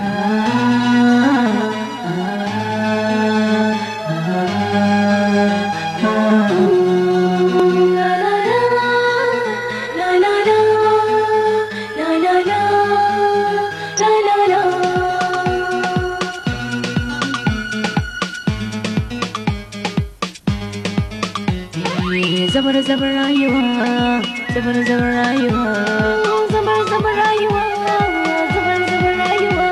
Ah. zabar zabar rayuwa zabar zabar rayuwa zabar zabar rayuwa zabar zabar rayuwa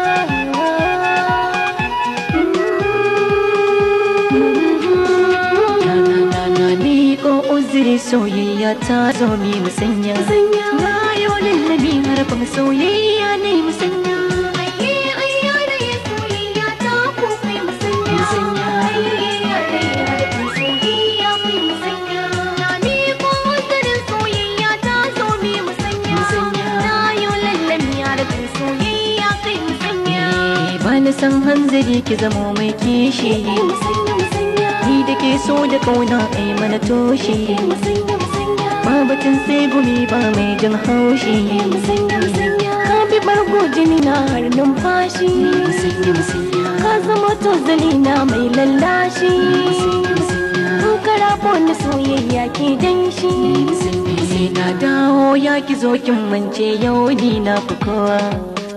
na ni ko uzuri soyayya ta zo mi musanya na yau lullabi har ni san hanzari ki zama mai kishi ni da ke so da kauna ai mana toshi ba batun sai gumi ba mai jin haushi ka bi bargo jini na har numfashi ka zama to na mai lallashi karafo na soyayya ke danshi na dawo ya ki zo kin mance yau ni na fukowa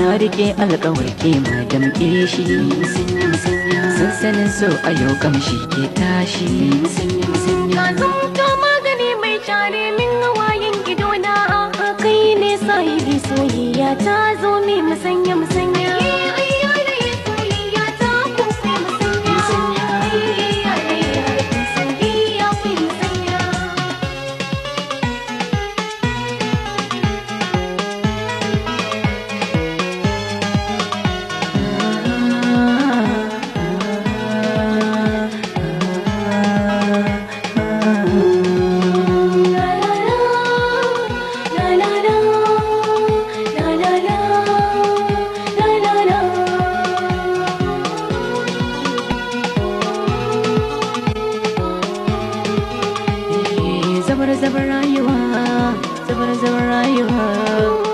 na rike alƙawarki ma damƙe shi sansanin so a yau kamshi ke tashi magani mai share min hawayen gidona kai ne sahibi soyayya ta zo mai musanya musanya zabara zabara you are, zabara zabara you are.